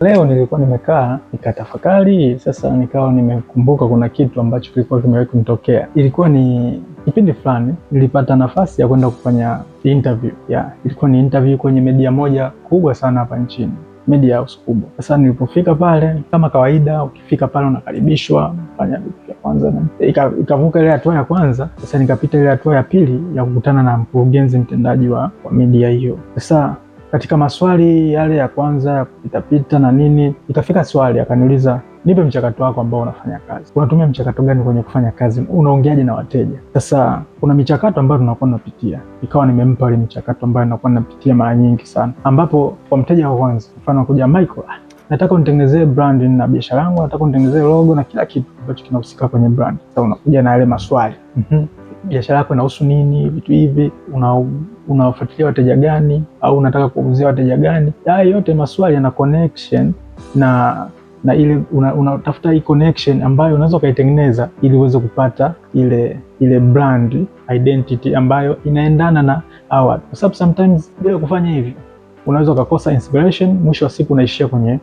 Leo nilikuwa nimekaa nikatafakari, sasa nikawa nimekumbuka kuna kitu ambacho kilikuwa kimewahi kunitokea. Ilikuwa ni kipindi fulani, nilipata nafasi ya kwenda kufanya interview yeah. Ilikuwa ni interview kwenye media moja kubwa sana hapa nchini media house kubwa. Sasa nilipofika pale, kama kawaida, ukifika pale unakaribishwa, fanya vitu vya kwanza, ikavuka ile hatua ya kwanza. Sasa nikapita ile hatua ya pili ya kukutana na mkurugenzi mtendaji wa, wa media hiyo. Sasa katika maswali yale ya kwanza ya kupitapita na nini, ikafika swali akaniuliza, nipe mchakato wako ambao unafanya kazi. Unatumia mchakato gani kwenye kufanya kazi? Unaongeaje na wateja? Sasa kuna michakato ambayo tunakuwa tunapitia, ikawa nimempa ile michakato ambayo nakuwa napitia mara nyingi sana, ambapo kwa mteja wa kwanza, mfano kuja Michael, ah, nataka unitengenezee brand na biashara yangu, nataka unitengenezee logo na kila kitu ambacho kinahusika kwenye brand. Sasa unakuja na yale maswali mm -hmm biashara yako inahusu nini, vitu hivi, unawafuatilia una wateja gani, au unataka kuuzia wateja gani. Haya yote maswali yana connection na na ile unatafuta una hii connection ambayo unaweza ukaitengeneza ili uweze kupata ile ile brand identity ambayo inaendana na award, kwa sababu sometimes bila kufanya hivyo unaweza ukakosa inspiration, mwisho wa siku unaishia kwenye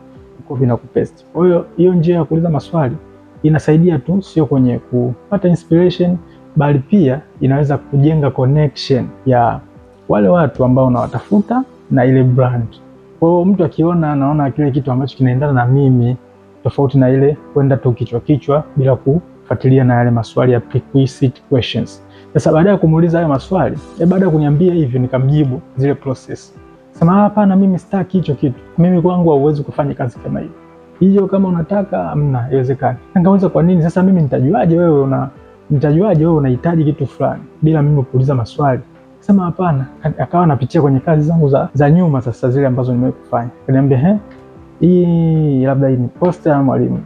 copy na kupaste. Kwa hiyo hiyo njia ya kuuliza maswali inasaidia tu, sio kwenye kupata inspiration bali pia inaweza kujenga connection ya wale watu ambao unawatafuta na ile brand. Kwa hiyo mtu akiona, anaona kile kitu ambacho kinaendana na mimi, tofauti na ile kwenda tu kichwa kichwa bila kufuatilia na yale maswali ya prerequisite questions. Sasa baada ya kumuuliza hayo maswali, e, baada ya kuniambia hivyo, nikamjibu zile process sema, hapana, mimi sitaki hicho kitu, mimi kwangu hauwezi kufanya kazi kama hiyo hiyo, kama unataka, amna, haiwezekani. Angaweza, kwa nini? Sasa mimi nitajuaje wewe una mtajuaje wewe unahitaji kitu fulani bila mimi kuuliza maswali? Sema hapana. Akawa anapitia kwenye kazi zangu za, za nyuma sasa zile ambazo nimewahi kufanya, kaniambia he, hii labda hii ni posta ya Mwalimu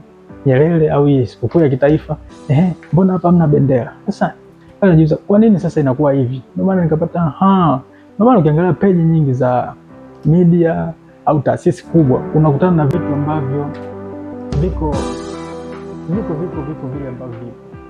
Nyerere au hii sikukuu ya kitaifa, ehe, mbona hapa hamna bendera? Sasa pale najiuliza kwa nini sasa inakuwa hivi? Ndio maana nikapata aha, ndio maana ukiangalia peji nyingi za media au taasisi kubwa unakutana na vitu ambavyo viko viko viko vile ambavyo